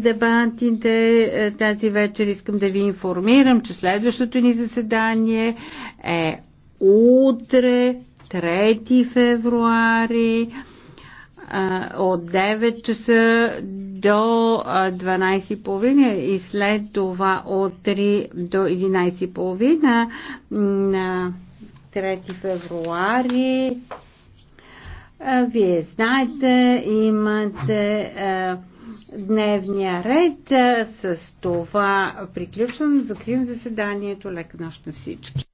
дебатите. Е, тази вечер искам да ви информирам, че следващото ни заседание е утре, 3 февруари от 9 часа до 12.30 и след това от 3 до 11.30 на 3 февруари. Вие знаете, имате дневния ред. С това приключвам. Закривам заседанието. Лека нощ на всички.